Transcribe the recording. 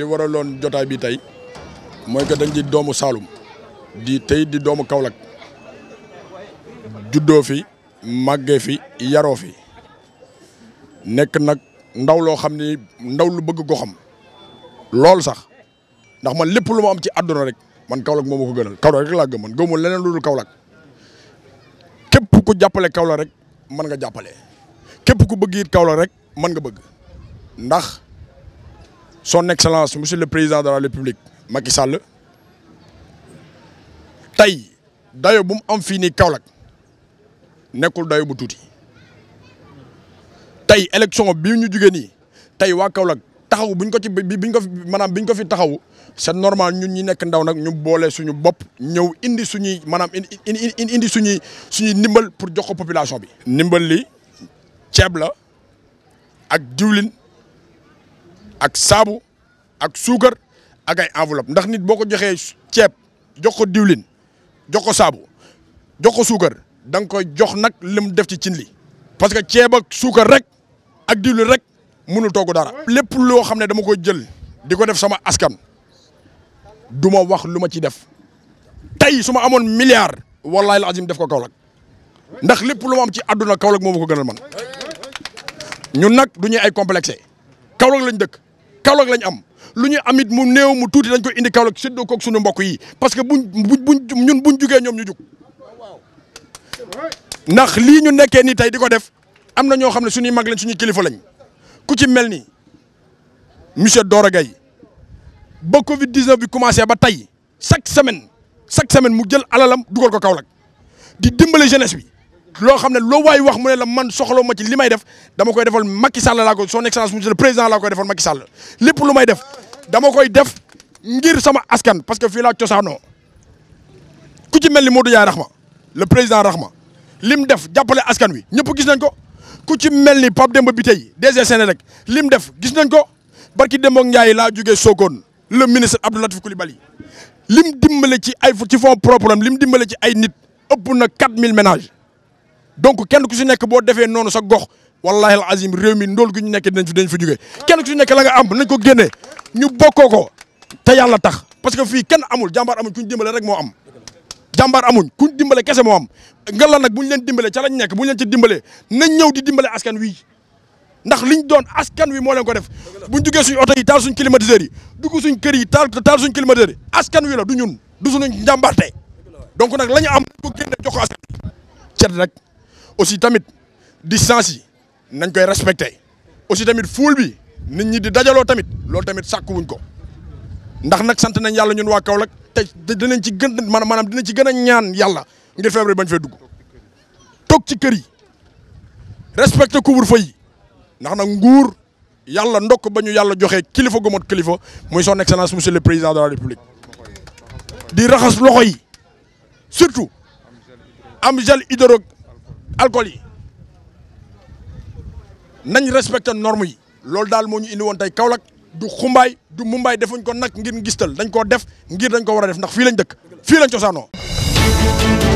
li waraloon jotaay bi tey mooy que da di doomu Saalum di tey di doomu Kaolack juddoo fi màggee fi yaroo fi nekk nag ndaw loo xam ni ndaw lu bëgg ko xam loolu sax ndax man lépp lu ma am ci àdduna rek man Kaolack moo ma ko gënal Kaolack rek laa gëm man gëmul leneen lu dul Kaolack képp ku jàppale Kaolack rek mën nga jàppale képp ku bëgg it Kaolack rek mën nga bëgg ndax. son excellence monsieur le président de la république Macky Sall tay dayo bu am fini élection bi ñu taxaw buñ ko ci c'est normal nous ñi nek ndaw nous ñu nous suñu Nous indi indi pour jox population bi. nimbal li ak saabu ak suukar ak ay enveloppe ndax nit boo ko joxee ceeb jox ko diwlin jox ko saabu jox ko suukar da koy jox nag lim def ci cin li parce que ceeb ak suukar rek ak diwlin rek mënul togg dara. lépp loo xam ne dama koy jël di ko def sama askan du ma wax lu ma ci def tey su ma amoon milliard wallaahi la azim def ko Kaolack ndax lépp lu ma am ci àdduna Kaolack moom ma ko gënal man ñun nag du ñuy ay complexé Kaolack lañ dëkk. Kaolack lañ am lu ñu am it mu néew mu tuuti dañ ko indi Kaolack séddoo koog sunu mbokk yi parce que buñ buñ ñun buñ jugee ñoom ñu jug ndax lii ñu nekkee nii tey di ko def am na ñoo xam ne suñuy mag lañ suñuy kilifa lañ ku ci mel ni monsieur Dora Gaye ba Covid 19 bi commencé ba tey chaque semaine chaque semaine mu jël alalam dugal ko Kaolack di dimbale jeunesse bi. lo xam lo way wax mu ne la man soxlo ma ci limay def dama koy defal Macky Sall la ko son excellence monsieur le président la koy defal Macky Sall lepp lu may def dama koy def ngir sama askan parce que fi la tiosano ku ci melni Modou Yaay Rahma le président Rahma lim def jàppale askan wi ñepp gis nañ ko ku ci melni ni Demba bi DG Sénélec lim def gis nañ ko barki dembok Ndiaye la jugee Sokone le ministre Abdou Latif Coulibaly lim dimbalé ci ay ci fond problème lim dimbalé ci ay nit ëpp na 4000 ménages. donc kenn ku si nekk boo defee noonu sa gox wallahi al azim réew mi ndóol gi ñu nekk dinañ fi dañ fa jugee kenn ku si nekk la nga am nañ ko génnee ñu bokkoo ko te yàlla tax parce que fii kenn amul jàmbaar amul ku dimbale rek moo am jàmbaar amuñ kuñ dimbale kese moo am nga la nag bu ñu leen dimbale ca lañ nekk bu ñu leen ci dimbale nañ ñëw di dimbale askan wi ndax liñ doon askan wi moo leen ko def buñ jugee suñ oto yi taal suñ climatiseurs yi dugg suñ kër yi taal taal suñ climatiseurs yi askan wi la du ñun du suñu njàmbaarte donc nag la am ko génne jox ko rek aussi tamit distance yi nañ koy respecté aussi tamit foule bi nit ñi di dajaloo tamit loolu tamit sàkkuwuñ ko ndax nag sant nañ yàlla ñun waa Kaolack te dinañ ci gën maanaam dinañ ci gën a ñaan yàlla ngir feebar bañ fee dugg toog ci kër yi respecté couvre-feu yi ndax nag nguur yàlla ndokk ba ñu yàlla joxe kilifa gu mot kilifa muy son excellence monsieur le président de la république di raxas loxo yi surtout am gel hydro alcool yi nañ respecté norme yi loolu daal moo ñu indi woon tey Kaolack du xumbaay du mumbaay defuñ ko nag ngir ngistal dañ koo def ngir dañ ko war a def ndax fii lañ dëkk fii lañ cosaanoo